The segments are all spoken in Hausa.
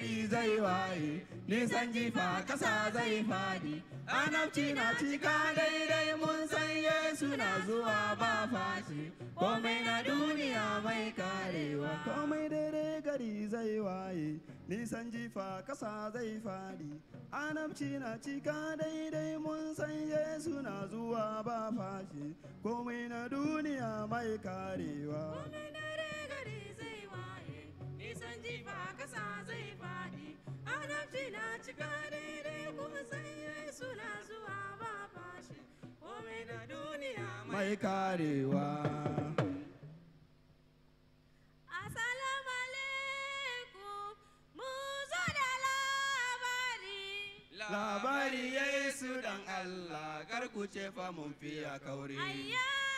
bala'i zai waye nisan jifa kasa zai fadi anabci na cika daidai mun san yesu na zuwa ba fashi komai na duniya mai karewa komai daidai gari zai waye nisan jifa kasa zai fadi anabci na cika daidai mun san yesu na zuwa ba fashi komai na duniya mai karewa Nisan jifa kasa zai larabci na cika daidai kuma sanye suna zuwa ba fashi komai na duniya mai karewa labari ya yi su dan Allah garkuce fa mun fiya kauri. Ayya!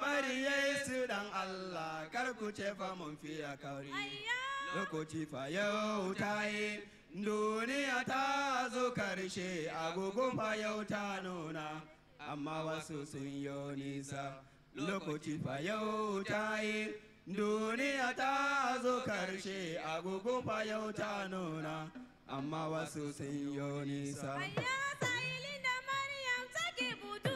bari yayi su dan Allah kar ku ce fa mun fiya kauri lokaci fa yau ta yi duniya ta zo karshe agogon fa yau ta nuna amma wasu sun yi nisa lokaci fa yau ta yi duniya ta zo karshe agogon fa yau ta nuna amma wasu sun yi nisa Ayya sa'ilin da Maryam take butu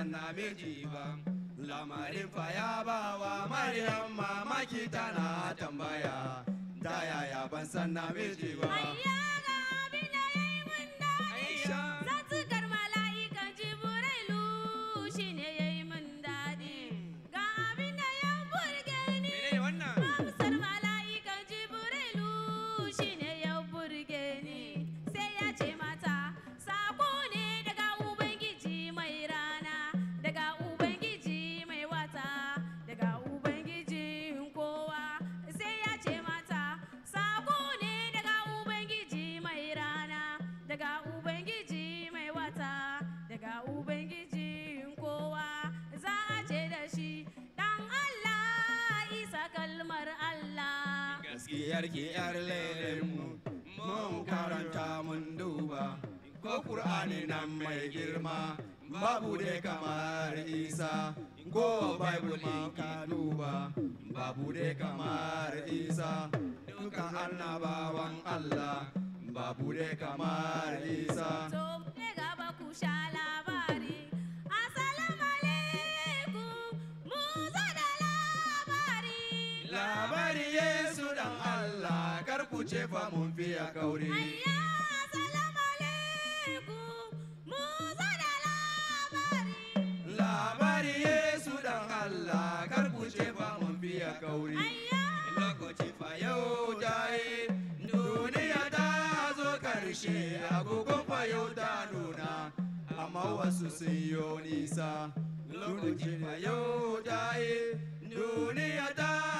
san namiji lamarin fa ya bawa maryam mamaki tana tambaya ta yaya ban san namiji ba yarki yar mu mun karanta mun duba ko Kur'ani nan mai girma babu da kamar isa ko bible ka duba babu da kamar isa dukan annabawan allah babu da kamar isa sha labari da labari ku ce fa mun fiya kauri. Labari Yesu dan Allah kar ku ce fa mun fiya kauri. Lokaci fa yau ta yi duniya ta zo karshe agogon yau ta nuna amma wasu sun yi nisa. Lokacin fa ta yi duniya ta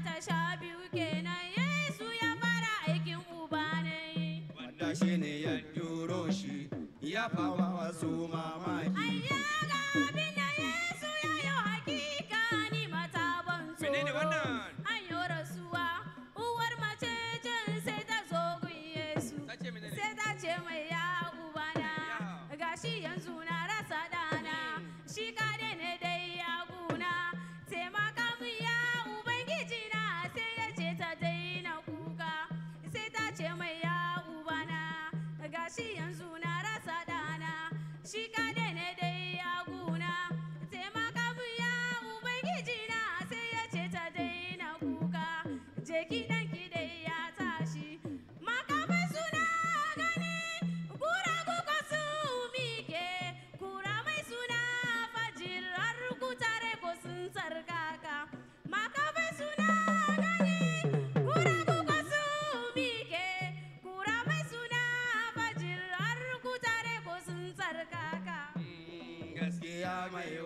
shi ne ya duro shi ya fawa wasu mamaki.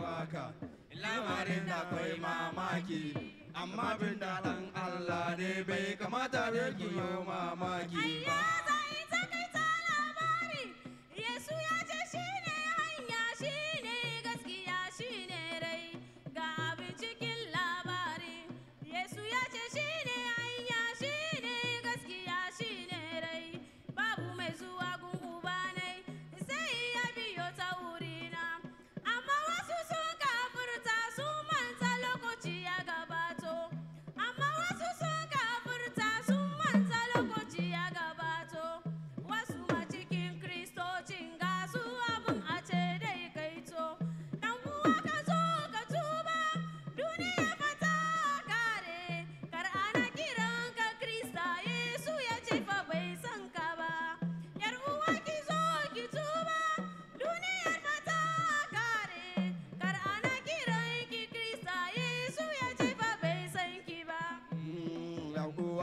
waka lamarin da akwai mamaki amma bin da dan Allah ne bai kamata da yi mamaki ba. Ai ya kai takaita labari Yesu ya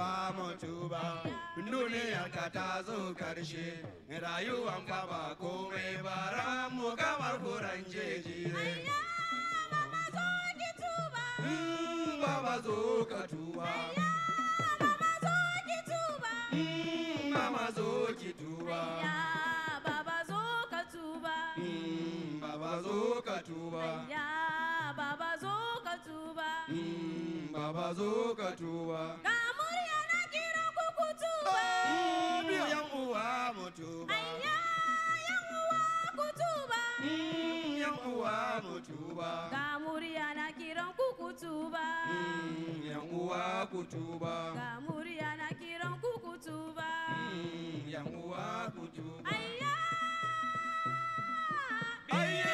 fa mu tuba duniyar ka ta zo karshe rayuwan fa ba komai ba ran kamar furan jejire mm, mm, Baba zo ka tuba. Mama zo ki tuba. Baba zo ka tuba. Baba zo ka tuba. Mm, baba zo ka tuba. Baba zo ka tuba. ku tuba ga murya na kiran mm, ku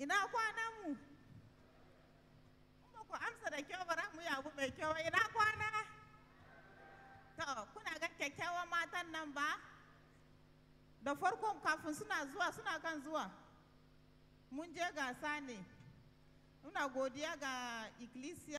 ina kwanan mu kuma ku amsa da kyau bara mu yi mai kyau ina kwana to kuna ga kyakkyawan matan nan ba da farko kafin suna zuwa suna kan zuwa mun je gasa ne muna godiya ga ikkilisiya